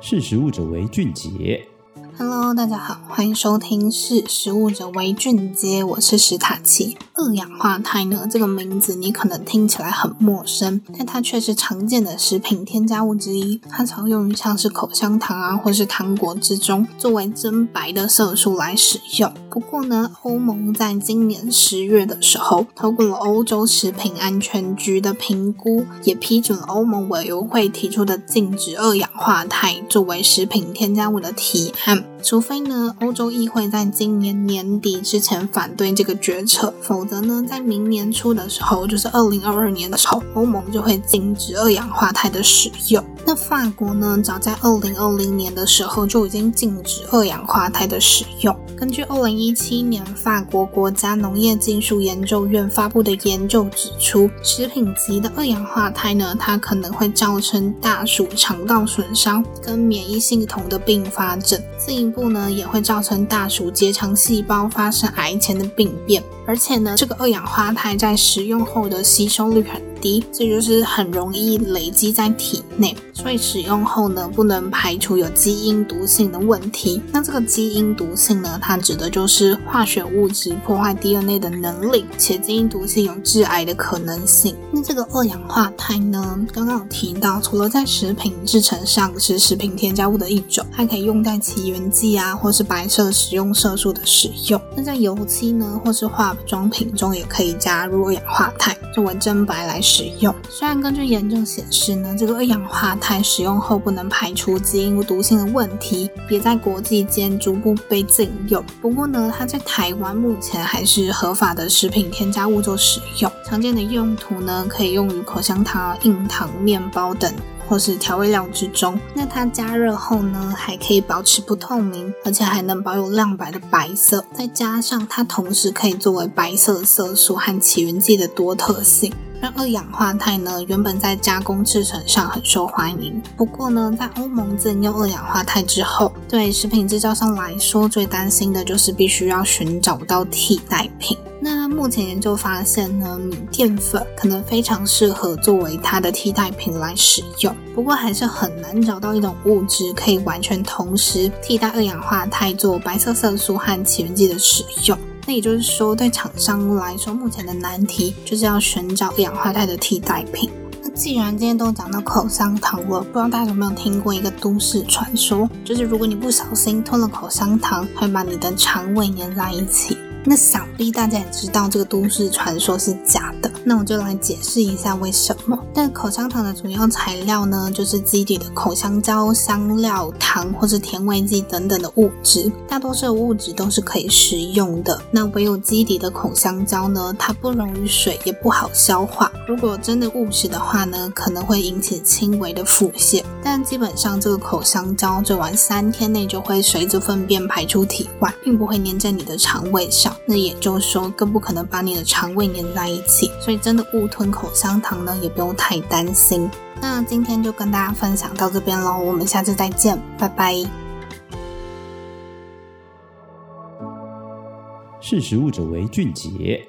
識食物者為俊傑。Hello，大家好，歡迎收聽識食物者為俊傑，我是史塔奇。二氧化鈦呢，這個名字你可能聽起來很陌生，但它卻是常見的食品添加物之一。它常用於像是口香糖啊，或是糖果之中，作為增白的色素來使用。不過呢，歐盟在今年十月的時候通過了歐洲食品安全局的評估，也批准了歐盟委員會提出的禁止二氧化鈦作為食品添加物的提案，嗯。除非呢，歐洲議會在今年年底之前反對這個決策，否則呢，在明年初的時候，就是二零二二年的時候，歐盟就會禁止二氧化鈦的使用。那法國呢，早在二零二零年的時候就已經禁止二氧化鈦的使用。根據二零一七年法國國家農業技術研究院發布的研究指出，食品級的二氧化鈦呢，它可能會造成大鼠腸道損傷跟免疫系統的併發症，進一步呢也會造成大鼠結腸細胞發生癌前的病變，而且呢這個二氧化鈦在食用後的吸收率很。所以就是很容易累積在體內，所以使用後呢，不能排除有基因毒性的問題。那這個基因毒性呢，它指的就是化學物質破壞 DNA 的能力，且基因毒性有致癌的可能性。那這個二氧化鈦呢，剛剛有提到，除了在食品製程上是食品添加物的一種，還可以用在起雲劑啊，或是白色食用色素的使用。那在油漆呢，或是化妝品中也可以加入二氧化鈦作為增白來說使用。雖然根據研究顯示呢，這個二氧化鈦使用後不能排除基因毒性的問題，也在國際間逐步被禁用。不過呢，它在台灣目前還是合法的食品添加物做使用。常見的用途呢，可以用於口香糖、硬糖、麵包等，或是調味料之中。那它加熱後呢，還可以保持不透明，而且還能保有亮白的白色。再加上它同時可以作為白色色素和起雲劑的多特性。讓二氧化鈦呢，原本在加工製程上很受歡迎，不過呢，在歐盟禁用二氧化鈦之後，對食品製造商來說，最擔心的就是必須要尋找到替代品。那目前研究發現呢，米澱粉可能非常適合作為它的替代品來使用。不過，還是很難找到一種物質可以完全同時替代二氧化鈦做白色色素和起雲劑的使用。那也就是說，對廠商來說，目前的難題就是要尋找二氧化鈦的替代品。那既然今天都講到口香糖了，不知道大家有沒有聽過一個都市傳說，就是如果你不小心吞了口香糖，會把你的腸胃粘在一起。那想必大家也知道這個都市傳說是假的，那我就來解釋一下為什麼。但口香糖的主要材料呢，就是基底的口香膠、香料、糖或是甜味劑等等的物質，大多數的物質都是可以食用的。那唯有基底的口香膠呢，它不溶於水，也不好消化。如果真的誤食的話呢，可能會引起輕微的腹瀉，但基本上這個口香膠最晚三天內就會隨着糞便排出體外，並不會粘在你的腸胃上。那也就是說，更不可能把你的腸胃粘在一起，所以真的誤吞口香糖呢，也不用太擔心。那今天就跟大家分享到這邊嘍，我們下次再見，拜拜。識食物者為俊傑。